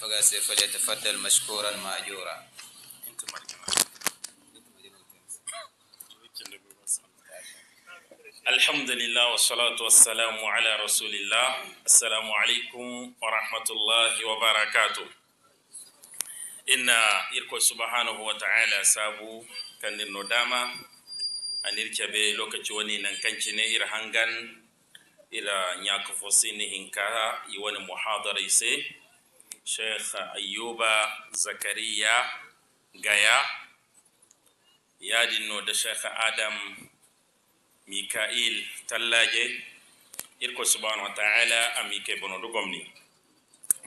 فقاسي فليتفضل مشكورا مأجورا الحمد لله والصلاة والسلام على رسول الله السلام عليكم ورحمة الله وبركاته إن إركو سبحانه وتعالى سابو كان الندامة أن إركبي لوكتشوني ننكنشني إرهانغان إلى نياك فوسيني هنكارا يوان محاضرة يسي شيخ أيوب زكريا غايا yadinno da cheikh adam mikail tallaje irko subhanahu wa taala amike bonoɗo gomni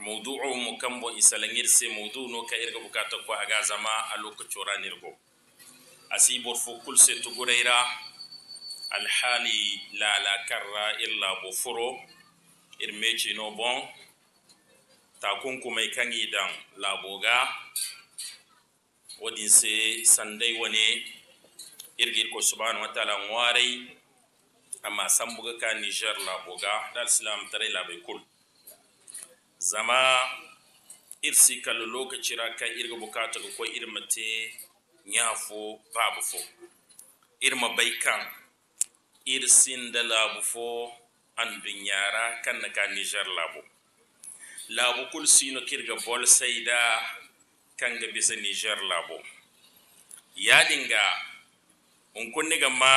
mawdu'u mo kambo isalangirse mawdu no ka irga bukata ko aga zama a lokacoranirgo asibor fo kulse tugurayra Alhali laala karra illa bo irmeci no bon bon kan yi dan laabo ga wadin se wane irgir ko subhanahu wa taala ŋwaray amma sambuga ka niger laabo ga dal silam taray laabay kul zama irsi si kallo lokacira irga bukata ko koy irma babu fo irma bai kan. irsin da labu fo an binyara kan na kan Nijar labu. Labu kul sino kirga bol kan kanga bisa dinga laabu yadinga ga ma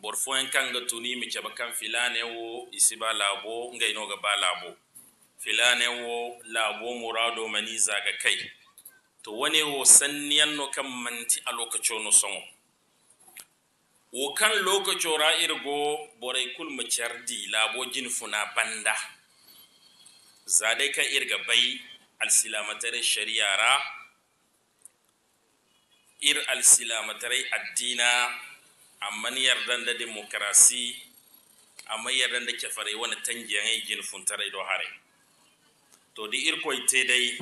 bor kan ga tuni mi chaba kan filane wo isiba laabo ga ba labu. filane wo labu murado mani ga kai to wane wo no kan manti a lokacin no songo wo kan lokacora irgo borai kulma labo jin funa banda zade kan irga bai shari'a shari'ara ir alsilamatare addina amman yardan da demokrasi amma yardan da kafare wani tangiyan yi jin tare do hare to di ir te dai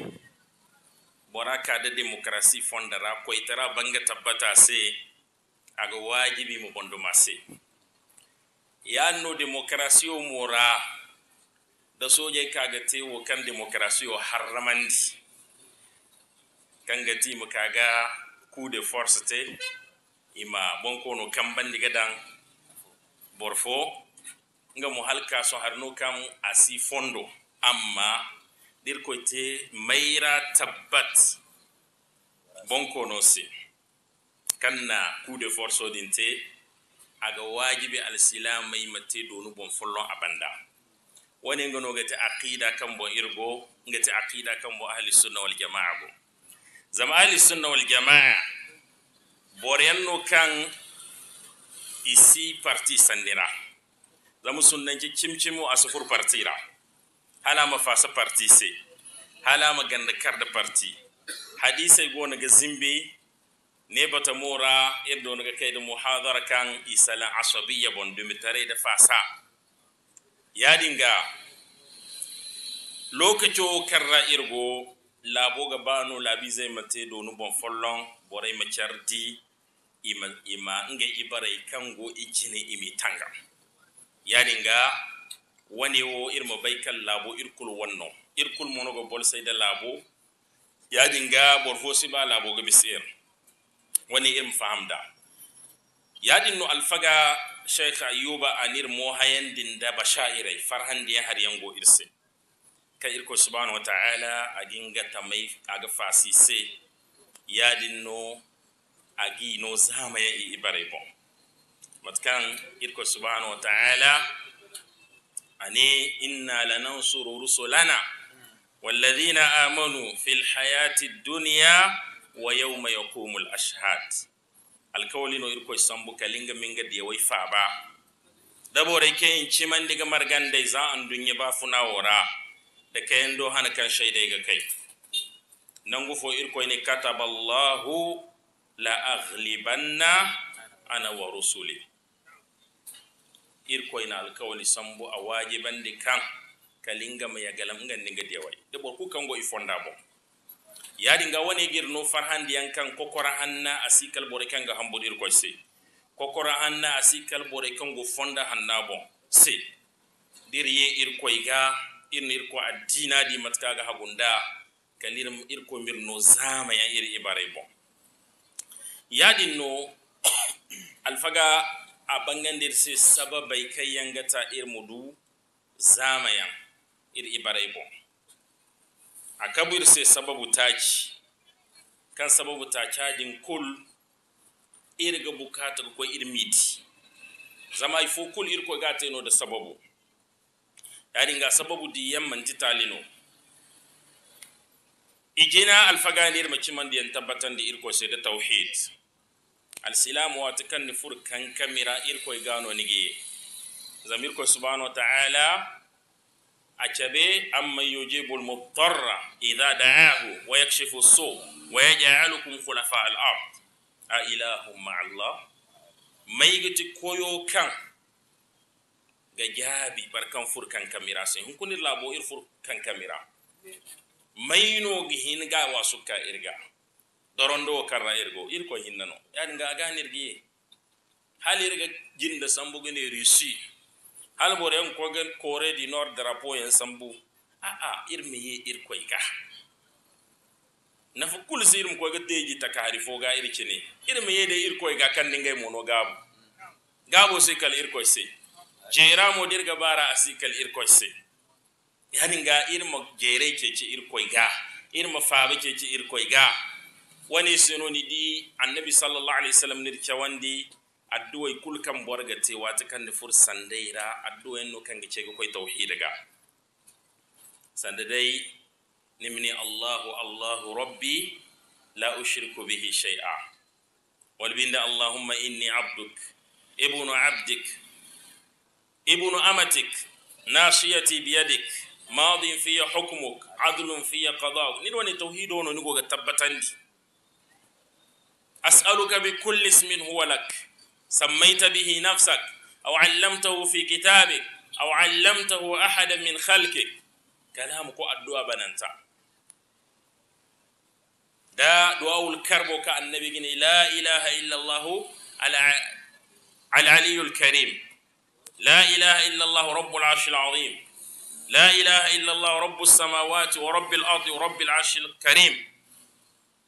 bora ka da demokrasi fondara tara banga tabbata sai aga wajibi mo bondo masse yanno démocratie o mora da soje kaga wo kan démocratie o harramandi kanga timo kaga coup de force te ima kan kambandi gadan borfo nga mo halka so harno kam asi fondo amma dir te mayra tabbat no si kanna ku de forso din te aga wajibi mai mate nu bon follo abanda woni ngono gati aqida bo irgo ngati aqida bo ahli sunna wal jamaa bo zama ahli sunna wal jamaa no kan isi parti sandira zamu sunnanki cimcimu asufur partira hala ma fasa parti se hala ma gandakar karda parti hadisi go ga zimbi. ne nebata mora kai da muhadara kan isala asabiya bon da fasa yadinga lokaco karra irgo laboga bano labiza imate donu bon follon boray ma cardi ima, ima nga kan go ijine imi tanga ya yadinga wani irma bai kan labo irkul wanno irkul monogo bol sayda labo ya dinga fo siba laboga bisir wani irin da ya no alfaga sheikh ayuba anir mohayen din da bashairai farhan da har yango irse kai irko subhanahu wa ta'ala aginga tamai aga fasi se yadin no agi no zama ya ibare bon matkan irko subhanahu wa ta'ala ani inna lanansuru rusulana والذين آمنوا في الحياة الدنيا wa yau yawma yaqumul ashhad alkawlino irkoy sambu kalinga minga fa ba faba dabore ke ciman diga margande za an dunya ba funa wora da kayan doha hana kan shaidai ga kai nan gufo irkwai ne kataballahu la aghlibanna ana wa rusuli Irkwai na alkawli sambu a wajiban dikan kan kalinga mai galam ngan ninga de way dabor ku kan ifonda yadin nga wani girno farhandi yankan kokora hanna asikal bore kan ga hambodir ko se kokora hanna asikal bore kan go fonda hanna bo se ye ir ko iga irin nir ko adina di matka ga hagunda kalirim ir ko mirno zama ya ir ibare bo yadin no alfaga a dir se sababai kai ta ir mudu ya ir ibare bo a kabir sai sababu taki kan sababu ta cajin kul irga bukatar ko irmiti zama ifo kul irko gata ino da sababu yari ga sababu di yamman talino ijina alfaganir maci da diyan tabbatan da irko sai da tauhid alsilamu wata kan nifur kan kamira irko gano nige zamirko subhanahu wa ta'ala أتبي أما يجيب المضطر إذا دعاه ويكشف السوء ويجعلكم خلفاء الأرض أإله مع الله ما يجي كويو كان جابي بركان فور كان كاميرا سين هم كن لابو إير فور كان كاميرا ما ينو جهين جا واسوكا إرجع دورندو كرا إرجو إير كو هينانو يعني جا جان إرجي هل إرجع جند سامبوجني ريسي halbore en kogen kore di nord drapeau en sambu a a irmi ye ir koy na nafa kul sirum ko ga teji takari fo ga iri ne irmi ye de ir koy ga kan dingai mono gabu gabu sai kal ir koy sai jera mo dirga bara asi kal ir koy sai yani ga irma jere ce ce ir koyga ga irma fabe ce ce ir koyga ga wani sunoni di annabi sallallahu alaihi wasallam nirce wandi addu'ai kul kaŋ bor ga te waati kaŋ da furo sanday ra ga ga ga allahu allahu rabbi la ushriku bihi shay'a wala binda allahumma inni abduk ibnu abdik ibnu amatik nasiyati biyadik madin fiya hukmuk adlun fiye qadauk ni woni tawhido no ni go ga tabbatandi as'aluka bi kulli ismin huwa lak سميت به نفسك أو علمته في كتابك أو علمته أحدا من خلقك كلامك الدعاء بننتا دا دعاء الكرب كأن النبي لا إله إلا الله على العلي الكريم لا إله إلا الله رب العرش العظيم لا إله إلا الله رب السماوات ورب الأرض ورب العرش الكريم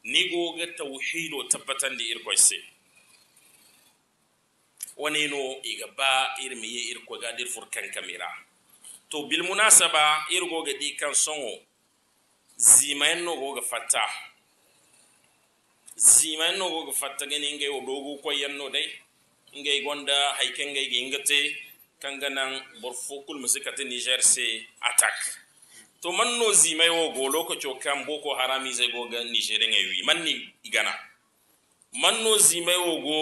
نيجو توحيد وتبتن لإركويسين no iga ba irmi ye irko ga dir furkan kamera to bil munasaba irgo ga di kan songo zimayen no go fatta zimayen no go fatta gani ngai o dogo ko yanno dai ngai gonda haiken ngai gingate kanganan burfukul musikati niger se attack to man no zimay wo go lokaco kan boko harami ise go ga niger ngai wi man ni igana man no zimay wo go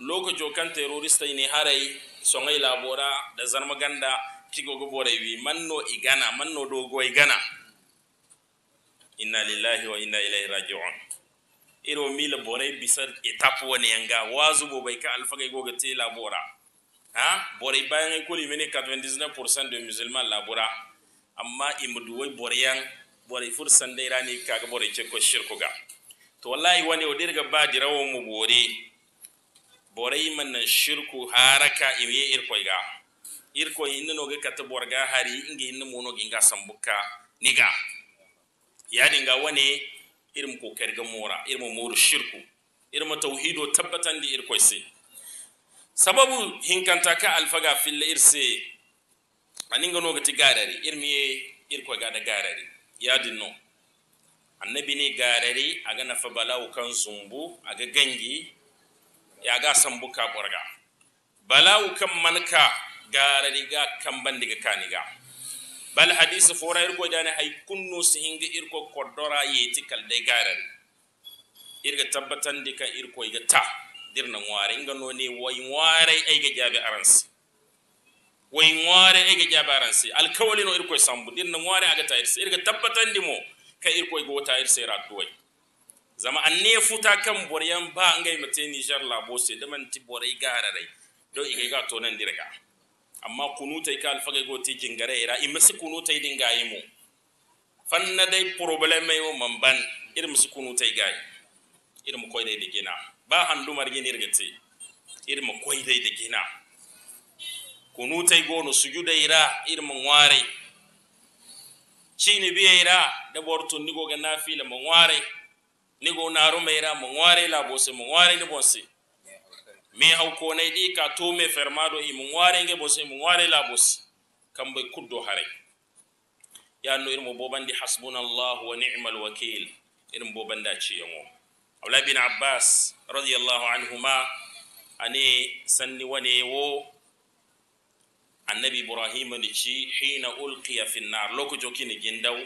lokaco kan terorista ini harai songai labora da kigo go borai wi manno igana manno dogo igana inna lillahi wa inna ilaihi raji'un iro mila borai bisar etape wani yanga bo bai ka alfaga goga te labora ha borai bayan ko limene 99% de musulman labora amma imdu wai boryan borai fursan dai rani ga borai ce ko shirku ga to wallahi wani odirga ba dirawo mu bore borai mannan shirku haraka iwe ga irko inna noge kata borga hari inge inna mono ginga sambuka niga yadi nga wane irin ko ga mora irin moru shirku irin tauhido tabbatan da irkoi sai sababu hinkanta ka alfaga filla irse aninga noge ti garari irmiye irkoi da garari yadi no annabi ne garari aga nafa balawu kan zumbu aga gangi Ya yaga sambuka borga balawu kan manka garariga kam bandiga kaniga bal hadisi fora irko jani hay kunno sihinga irko kodora yeti kalde garari irga tabbatan dika irko iga ta dirna ngware inga noni way ngware ayga jabe aransi way ngware ayga jabe aransi alkawli no irko sambu dirna ngware aga tayirsi irga tabbatan dimo ka irko igo tayirsi ra duwai zama ne futa kan boryan ba ngai ni Niger labo sai da man ti borai gararai don igai ga to nan dirga amma kunutai ka alfaga go ti jingare ira in masu kunutai din yi mu na dai problem mai man ban ir masu kunutai yi ir mu koi dai da gina ba handu margin irgate ir mu koi dai da gina kunutai go no da ira ir mu ware shine biya ira da bortun nigo ga nafila mu ware nigo na meira mo ngware la bose mo ngware le bose mi haw konay ɗi ka to me fermado imo ngwarenge bose imo ngware la bose kamɓe kuddo hare yanno irmo bobandi hasbunallahu wa ni'mal wakil irin bobanda ciyango abdullahi bin abbas radiyallahu anhuma ani sanni wane wo annabi ibrahim ni ci hina ulqiya fi nnar loko jokini gindaw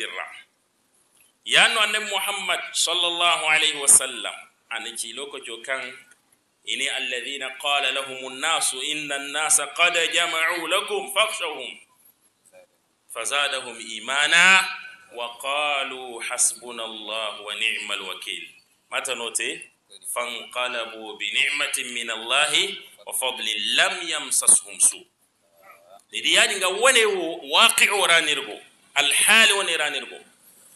dirra yanno annabi muhammad sallallahu alayhi wa sallam ani cilo ko ini alladhina qala lahum nasu inna an-nasa qad jamau lakum fakhshawhum fazadahum imana wa qalu hasbuna llah wa nima alwakil matanote bi binimatin min allahi wa fadlin lam yamsashum su niɗi yaɗi nga wone wo waqi o ranirgo alhaali woni ranirgo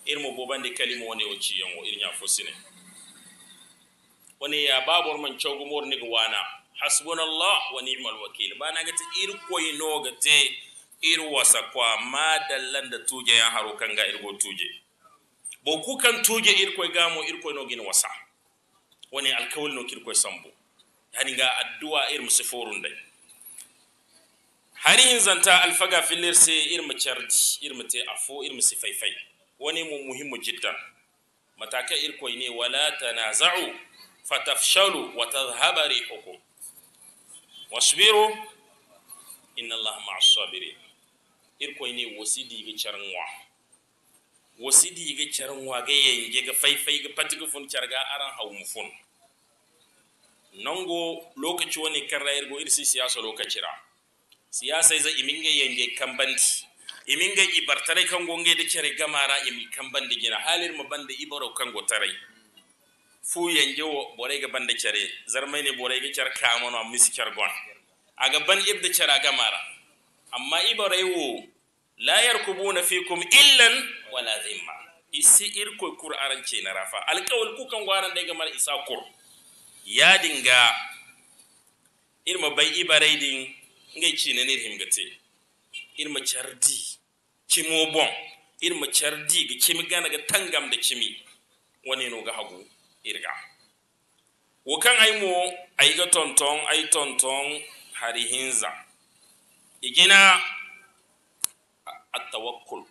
irmo bobande kalima woni o ciyan o irña fosine woni ya babor man cowgomor niga wana hasbunallah wa ni'mal wakil banagati ir koyinoga te ir wasa kwa ma dallanda tuje ya haro kanga irgo tuje bo ku kan tuje ir koy gamo ir koy no gin wasa woni alkawal no kir koy sambo hani ga addu'a ir musiforun dai hari in zanta alfaga fillir irin ir macardi ir mate afo ir musifaifai wani mu muhimmu jiddan matakai irkoi ne wala tanaza'u fatafshalu wa tadhhaba rihukum wasbiru inna allaha ma'as sabirin irkoi ne wasidi ga charnwa wasidi ga charnwa ga yenge ga faifai ga patiga fun charga aran hawmu fun nongo lokaci wani karra irgo irsi siyasa lokacira siyasa iza iminga yenge kambanti iminga i bartarai kango da cere gamara imi kan bandi gina halir mu bandi ibaro kango tarai fu yanje wo borai ga bandi kere zarmai ne borai ga cer kamono a misi cer gon ga ban ibda cera gamara amma ibarai wo la yarkubuna fikum illan wala zimma isi irko kur arance na rafa alkawal ku kan gwaran dai gamar isa kur ya dinga irma bai ibarai din ngai cinanir himgate irma chardi kimo bon irma chardi ga kimi gana ga tangam da kimi wani no ga hagu irga wo kan ay mo ay ga tonton ay tonton hari hinza igina at-tawakkul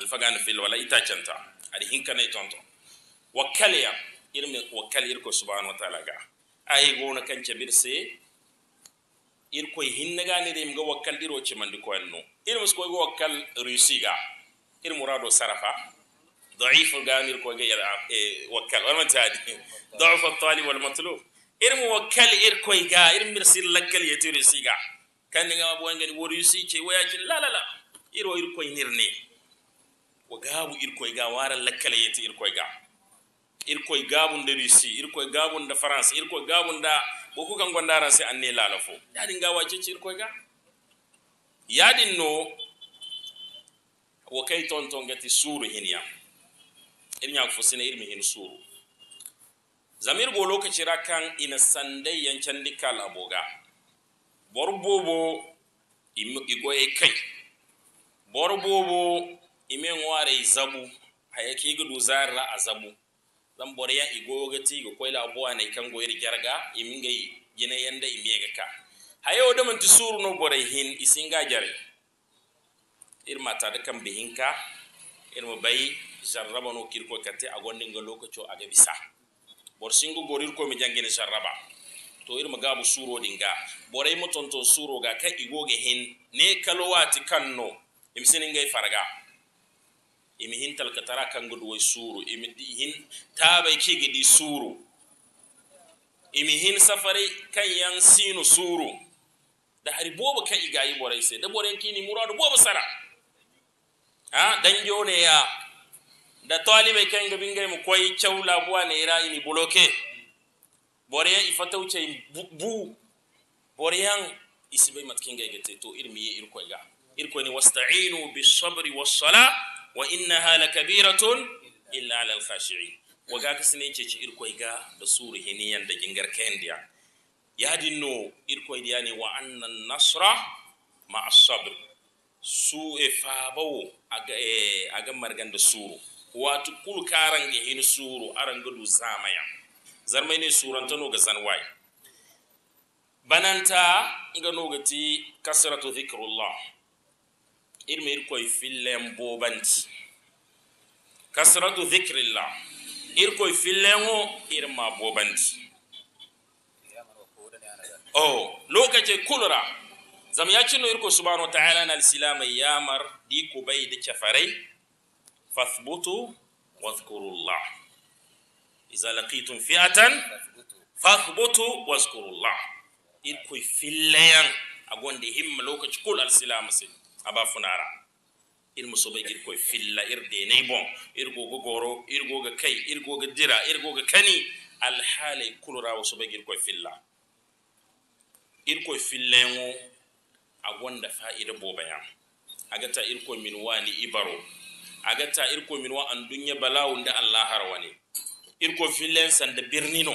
alfagana fil wala ita canta ari hinka nay tonton wakkaliya irme wakkal irko subhanahu wa ta'ala ga ay gona kan cabir ir koy hinnega nirim ga wakkal diro ci mandi ko enno ir musko go wakkal rusi ir murado sarafa da'if ga ko ga e, wal mantadi al talib wal matlub ir mu ir ga ir mirsil yati bo wori waya ci la la la ir ir wa gabu ir koy ga wara lakkal yati ir ga gabun gaabunde russie gabun gaabunde france irkoye gaabunda boko kan gondaran sai anne laala fo yaadin ga wacece irkoye ga yadin no wo kai ton ton gati suru hinya ir ñaako fo sine irmi hin suru. zamir go lokaci ra kan ina sandai yancan kal aboga bor bobo igoye kai bor bobo imen ware zabu hayake gudu zarra a zabu zan boreya igogati go la boa ne kango iri jarga imingai gine yanda imiyega ka hayo da man tisuru no bore hin isinga jare irma ta da kan ir irma bai jarraba no kirko kate a gondin ga lokaco a bisa bor singu gorir ko mi jangene jarraba to ir magabu suro dinga mu tonto suro ga igo igoge hin ne kalowati kanno imsinin ga farga imi hintal ka tara kan gudu wai suru imi hin tabai ke gidi suru imi hin safari kan yan sinu suru da hari bobo kan igayi borai sai da boren kini muradu bobo sara ha dan jone ya da talibai kan gabin gai mu koyi chaula buwa ne ira ini boloke boriya ifatauce bu boriyan isibai matkin gai gate to irmi irko ga irko ne wasta'inu bis sabri was sala wa hala lakabiratun illa alal khashi'in waga kasne ce ci irkoy ga da suru hiniyan da gingar kendiya ya dinno irkoy diya ne wa nasra ma asabr su e fabawo aga e aga margan da suru wato kul karan ga hin suru aran gudu zamaya zarmai ne surantano ga zanwai bananta ga nogati kasratu dhikrullah irmir koy fillen bobanti kasratu dhikrillah ir koy fillengo irma bobanti o oh, lokace kulra zam yacino irko subhanahu wa ta'ala na silama yamar di kubay di cafarai fathbutu wadhkurullah iza laqitum fi'atan fathbutu wadhkurullah ir koy fillen agonde himma lokaci kul alsilama sin aba funara ir musobay ir koy filla ir ne bon ir goga goro ir goga kai ir goga dira ir goga kani alhaalay kulura wo sobay ir koy filla ir koy fillengo a gonda fa'ida bobayan agata ir koy min wani ibaro agata ir koy min wa an dunya balawunda allah harwani ir koy fillen sanda birnino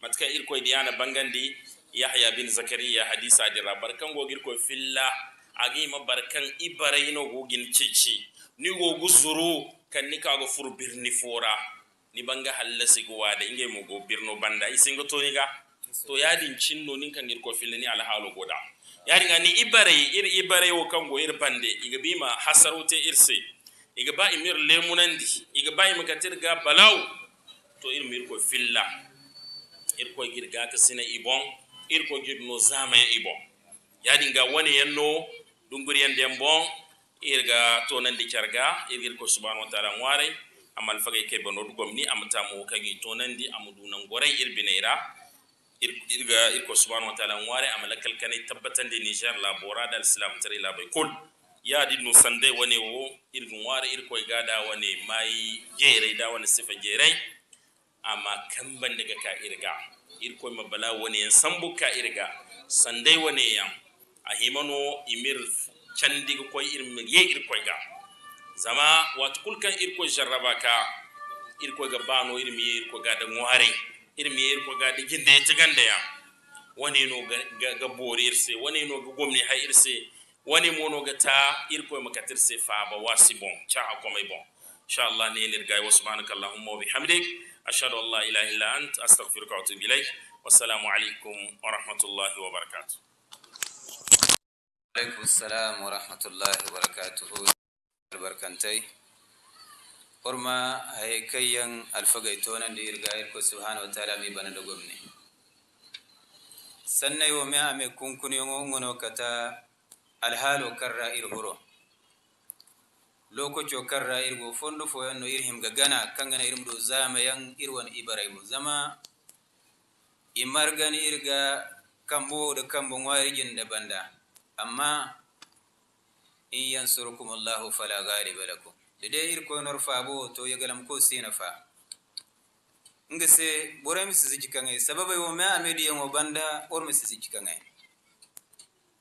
matka ir koy diyana bangandi yahya bin zakariya hadisa dira barkan gogir koy filla agi ma barkan ibarai no gogin cici ni gogu zuru kan ni kago fur birni fora ni banga halla sigo wada inge mo go birno banda isingo to ni ga to yadin cinno nin kan irko filani alhalo goda yari ni ibarai ir ibarai wo go ir bande iga bima hasarote irse iga ba imir lemunandi iga ba katir ga balau, to ir mir ko filla ir ko girga ka sina ibon ir ko no zama ibon Yadin ga wani yanno dungurien dem bon irga tonandi carga irgir ko subhanahu wa taala ngware amal fage ke no ɗugom ni amatamo kagi tonandi amadou nan gore irbineira irga irko subhanahu wa taala kal amala tabbatan di niger laborada islam tari kul ya di no sande woni wo irgu ngware irko gada woni mai jere da woni sifa jeerey amma daga ka irga irko ma bala woni sambuka sambu ka irga sande woni yam a himano imir candiga koy irmir ye irkoy ga zama watu kulkan irkoy jarraba ka irkoy ga bano irmi ye irkoy ga da ngware irmi ye irkoy ga da ginde tiganda ya wani no ga, ga bori irse wani no ga gomni ha irse wani mono ga ta irkoy makatir se ba wasi bon cha akomai bon insha Allah ne nirgai wa subhanakallahumma wa bihamdik ashhadu an la ilaha illa ant astaghfiruka wa atubu ilaik wassalamu alaikum wa rahmatullahi wa barakatuh alaikun salam wa rahmatullahi wa barakatuhu albarkantai kurma hay kayyan alfagay tonan da irga irko subhanahu wa ta'ala mi bana da gwamni sannan wa me ame kunkuni ngono kata alhalo kan ra'ir huro lokoco karra irgo fondo foyanno irhim ga gana gana irim do zama yan irwan Ibrahim zama Imar gani irga kambo da kambo ngwarijin da banda amma in yansurkumullahu fala ghaliba lakum dede irko nor faabo to yagalam ko sina fa nga se bore mi sisi jikangai sababa yo me amedi yango banda or mi sisi jikangai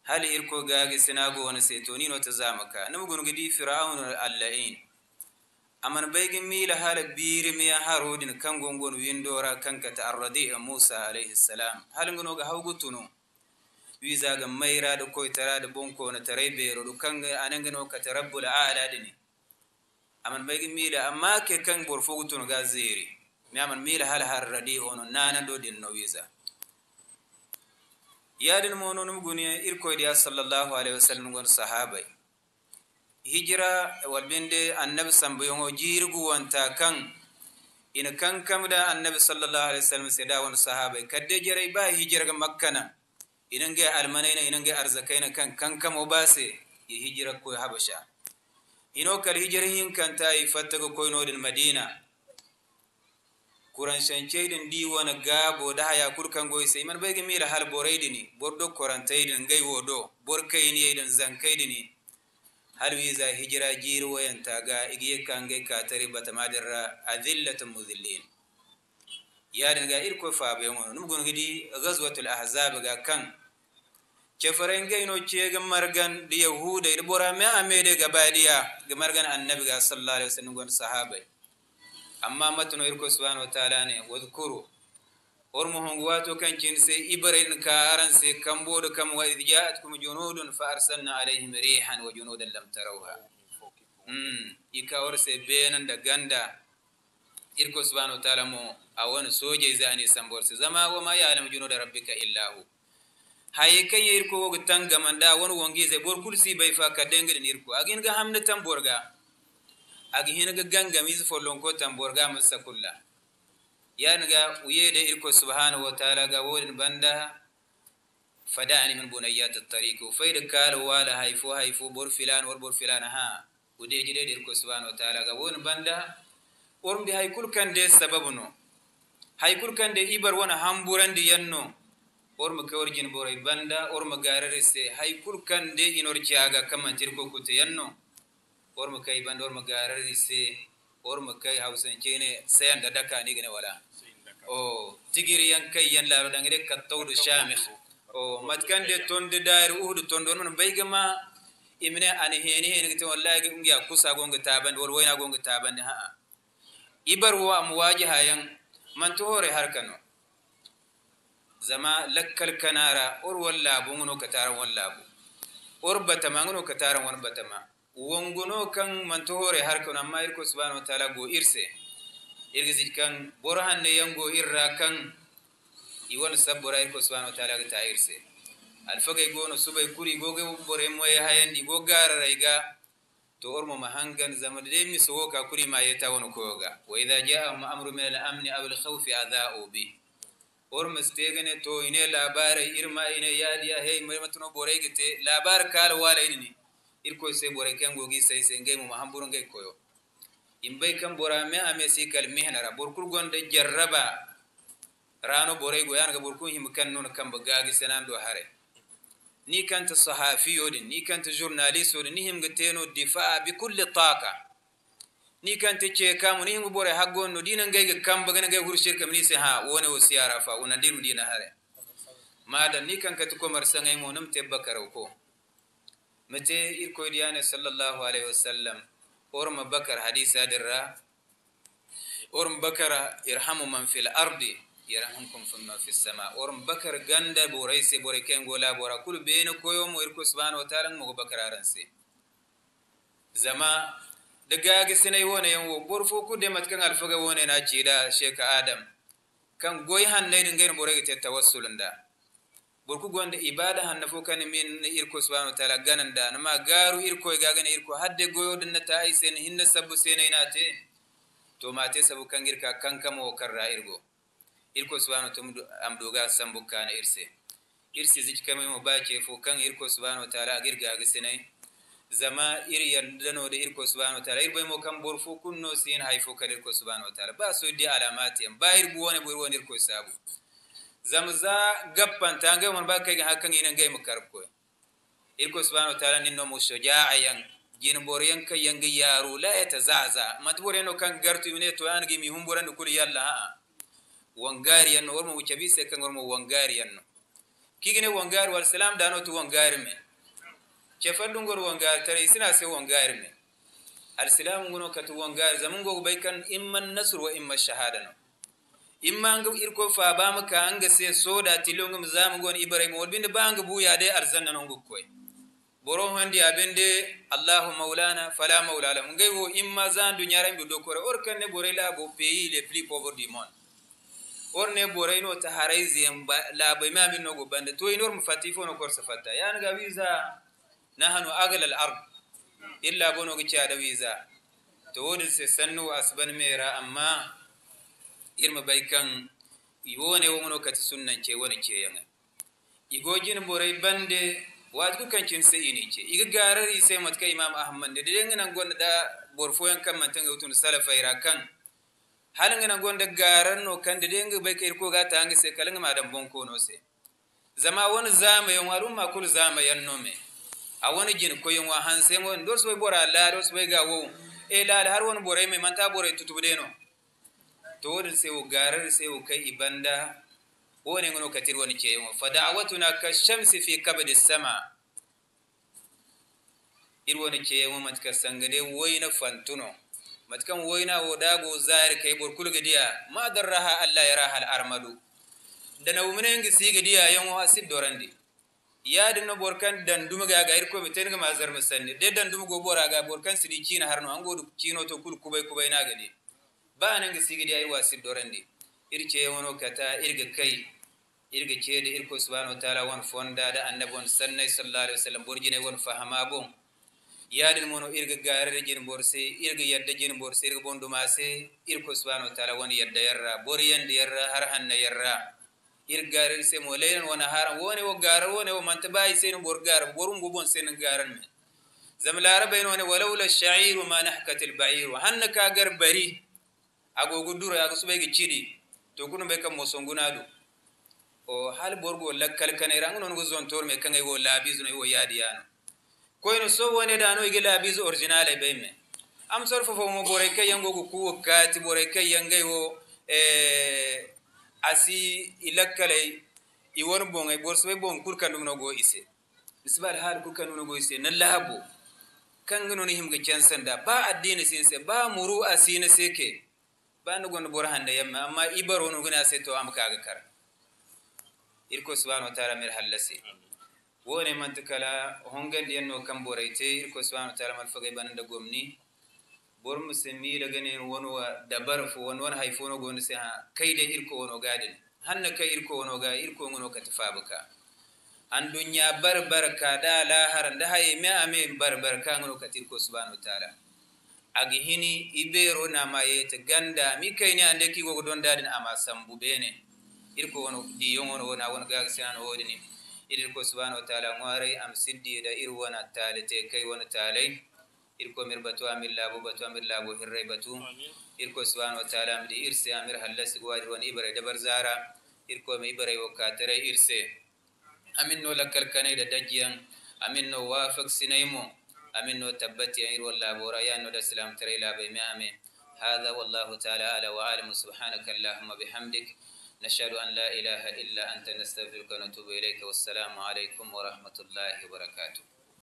hali irko gaage sinago wona se to nino tazamaka namu gonu gidi fir'aun allain aman baygi mila hala biri mi kan gongon windora kanka ta arradi musa alayhi salam halingono ga hawgutunu wiza ga maira da koi tara da bonko na tarai bero du kan anan gano ka tarabbul a'la dini aman bai mila amma ke kan borfo gutun ga zere mi aman mila hal har radi ono nana do din no visa. yadin mono num guni koi dia sallallahu alaihi wasallam gon sahabai hijira walbinde annabi sambayongo jirgu wanta kan ina kan kamda annabi sallallahu alaihi wasallam sai da wani sahabai kadde jarai ba hijira ga makkana idan almanaina inange arzakaina kan ba base yi hijira koy habasha ino kal yi hin kantayi fattago koynoɗen madina kurancanceyɗen ɗi wona haya kurkan goyi sai man ɓayge miira hal boreyɗini borɗo korantayɗen ngay wo zankai borkayniyeyɗen har wi za hijira wayan jiirwoyantaga igi yekkangay katari batamaɗerra adillata mudillin yaɗen ga irkoy faaɓeyono num gidi, ghazwatul ahzab ga kan ceferenkeynocie gamargan ɗi yahuda iɗi ɓorame amede gabaɗiya gamargan annabi ga sallah alih wa sallam gon sahabay amma matuno irko subhanau wa taala ne wadkuru ormo hongo wato kancin se ibarin ka aran se kamboɗo kam wa id jaatkum junudun fa arsalna alayhim rihan wa junudan lam tarawha hmm, i ka or se benanda ganda irko subhanau wa taala mo a won soje zani sambor se zama woma yalamu junuda rabbika illa haye kay yir ko woga tanga manda won wongize bor kulsi bay fa ka dengre ko agin ga hamna borga agi hin ga ganga mis folon ko tan tamborga musakulla yan ga uye de ir ko subhanahu wa ta'ala ga wodin banda fada'ani min bunayyat at-tariq fayda kala wala hayfu hayfu bor filan wor bor filan ha ude jide de ir ko subhanahu wa ta'ala ga won banda wormde haykul de sababuno haykul de ibar wona hamburandi yanno ormo ke orjin boray banda ormo gararese hay de inor inorcaga kamantir tirko kute yanno ormo kay banda ormo gararise ormo kay sayan sayanda daka gane wala o tigiri yan kay yan laro dangede kattawdu shamikh o matkande tonde dair uhdu tondo non baygama imne an heni heni gite wallahi ngiya kusa gonga tabande wal wayna gonga tabande ha ibar wa am wajiha man to harkano zama lakkal kanara or wallabu bunguno kataran wallabu. bu batama ngono kataran wan batama wongono kan manto hore har amma irko subhanahu wa ta'ala go irse irgizit kan borhan ne yango irra kan iwon sabbura irko subhanahu wa ta'ala ga ta irse alfagay gono subay kuri goge bore moye hayandi go garara iga to ormo mahangan da dai mi sowoka kuri ma yeta wono koyoga wa idha jaa amru min al-amni aw al-khawfi adha'u bihi ormas tegane to ine labara irma ine yadiya hey matuno boray gite labar kala wala inini irko se boray kengo gi sai se ngey mu hamburu ngey koyo imbay kam bora me ame si kal mihnara borkul gonde jarraba rano boray go yanga borkul him kan non kam bagagi do hare ni kan ta sahafi din ni kan ta jurnalist din ni him giteno difa bi kulli taqa ni te ce kamu ni mu bore haggo no dina ngay kamba gana ngay hurshir kam ni se ha wona o siyara fa wona diru dina hare madan ni kan mar marsangay mo nam tebba ko mate ir koy diyane sallallahu alaihi wasallam ma bakar hadisa dirra ma bakara irhamu man fil ardi yarhamkum ma fis sama ma bakar ganda boray se bore kengo la bora kul beno koyo mo irko subhanahu wa ta'ala mo bakararan se zama digagi sinai wone yanwo borfo ku de matkan alfaga wone na cida sheka adam kan goy hannay din gair morege tawassulun da burku gonda ibada hannu fo kan min irko subhanahu ganin da na ma garu irko e gagana irko hadde goyo din ta ay sen hinna sabu sai na te to ma te sabu kan girka kan kamo ra irgo irko subhanahu bani ta'ala amdoga sambuka na irse irse zijkame mu bace fo kan irko subhanahu wa ta'ala girga ga sinai zama iri yardano da irko subhanahu wa ta'ala irbo mo kan borfo kunno sin haifo kala irko subhanahu wa ta'ala ba so di alamati ba irbo wona bo irwo irko sabu zamza gappan ga mon ba kai hakan ina ngay mu karko irko subhanahu wa ta'ala ninno mo shoja'a yan jin kai yan yang yaro la tazaza matbore no kan gartu ne to an gi mi humboran kul yalla ha wangari wuce wormo wuchabise kan wormo wangari yan kigine wangari wal salam dano to wangari me cefallugol wongaari tara isina se wongaari me alsilamu ngono kati wongaari zamungo bai kan imma nasr wa imma shahada no imma anga irko fa faabama ka anga se sooda tillongum zamugon ibrahima wolbinde ba dai arzan nan nongo koye boro handi abende allahu maulana fala maula lahu ngay wo imma ran bi dokkore or ne boray laabo pays le plus pauvre du monde orne no ta bai ma bin no go bande to inor mu fati fo no korsa fatta ga wisa nahanu aglal ard illa bono gici adawiza to wodin se sannu asban mera amma irma baikan iwone wono kati sunnan ce wona ce yanga igojin borai bande wajku kancin se ini ce iga garari sai matka imam ahmad da dai ngana gonda da borfoyan kan mantan ga utun salafa ira kan hal ngana gonda garan no kan da dai ngi bai kai ko ga ta ngi se kalanga madan bonko no se zama wani zamayen al'umma kul zamayen no me A wani jin koyonwa hansemo dorsu bai bora la dorsu bai gawo e la da har wani borai mai manta boray tutuɓɗeno to woɗen sewo garar sewo kai i banda wani wani katir woni ceeyomo fa na ka shamsi fi da sama ir woni ceeyomo mati ka sangade na fantuno mati wai na wo ɗago zahir kay ɓor kulga diya ma darraha allah ya raha na al armalu danawuminengi gisi diya wa asid dorandi yadinno borkan ga aga irkoɓe tenga ma zarma sanne de duma go bora aga borkan sidi cina harno godu cino to kul kubai-kubai, na de ba nan nanga sigidi ayir wasid dorandi ir cewono kata irga kai irga da irko subhanahu wa taala won fondade annabi on sannay sallallah alih wa sallam borjine won fahama bon yaadin mono irga garere jin bor se irga yadda jin bor se irga bonduma se irko subhanahu wa taala won yadda yarra bor yande yarra har hanna yarra garin se mo leyan wana haram woni wo garar woni wo manta bayi sen bor garar borum go bon sen garan me zam larabain ne walaw la shair ma nahkat al-ba'ir hanna ka gar bari agogo duro ago sube gi chidi to kunu be kam mo do o hal go lakkal kan iran non go zon tor me kan ay wo labizu no wo yadi ko koyno so woni no igi labizu original e be me am sorfo fo mo bore yango ko kuwo kati bore kayangai wo eh asi ilakkalay i won bon kurka boŋ no go ise misiba alhaali no go ise na laabo him noon himga da ba sin se ba muru a sina seke ba no gon bor hande yamma amma i baro no gona se to am kaga kar irko subhanahu wa taala mir halasi wone mantukala hongal yanno kamboreite irko subhanahu wa taala mal banan da gomni bor musulmi lagane wono dabar fo wani won hay fono gon se ha kayde irko wono gaden hanna kay irko wono ga irko ngono katifabuka an dunya barbar ka da har da haye me ame barbar ka ngono katirko subhanahu wataala agi hini ibero na maye ta ganda mi ne ande ki gogo don dadin ama sambu bene irko wono di yongono wona won ga senan wodini irko subhanahu taala ngware am siddi da irwana talete kai wani talai إركو بتو أمير لابو بتو أمير لابو هرّي بتو إركو سبحانه وتعالى مدي إرسي أمير هلس قواري وان إبرة دبر زارا إركو ميبري وكاتري إرسي أمنو لك الكنيد أمين نو وافق سنيمو أمين أمنو تبتي أمير واللابو ريانو نو سلام تري لابي مامي هذا والله تعالى على وعالم سبحانك اللهم بحمدك نشهد أن لا إله إلا أنت نستغفرك ونتوب إليك والسلام عليكم ورحمة الله وبركاته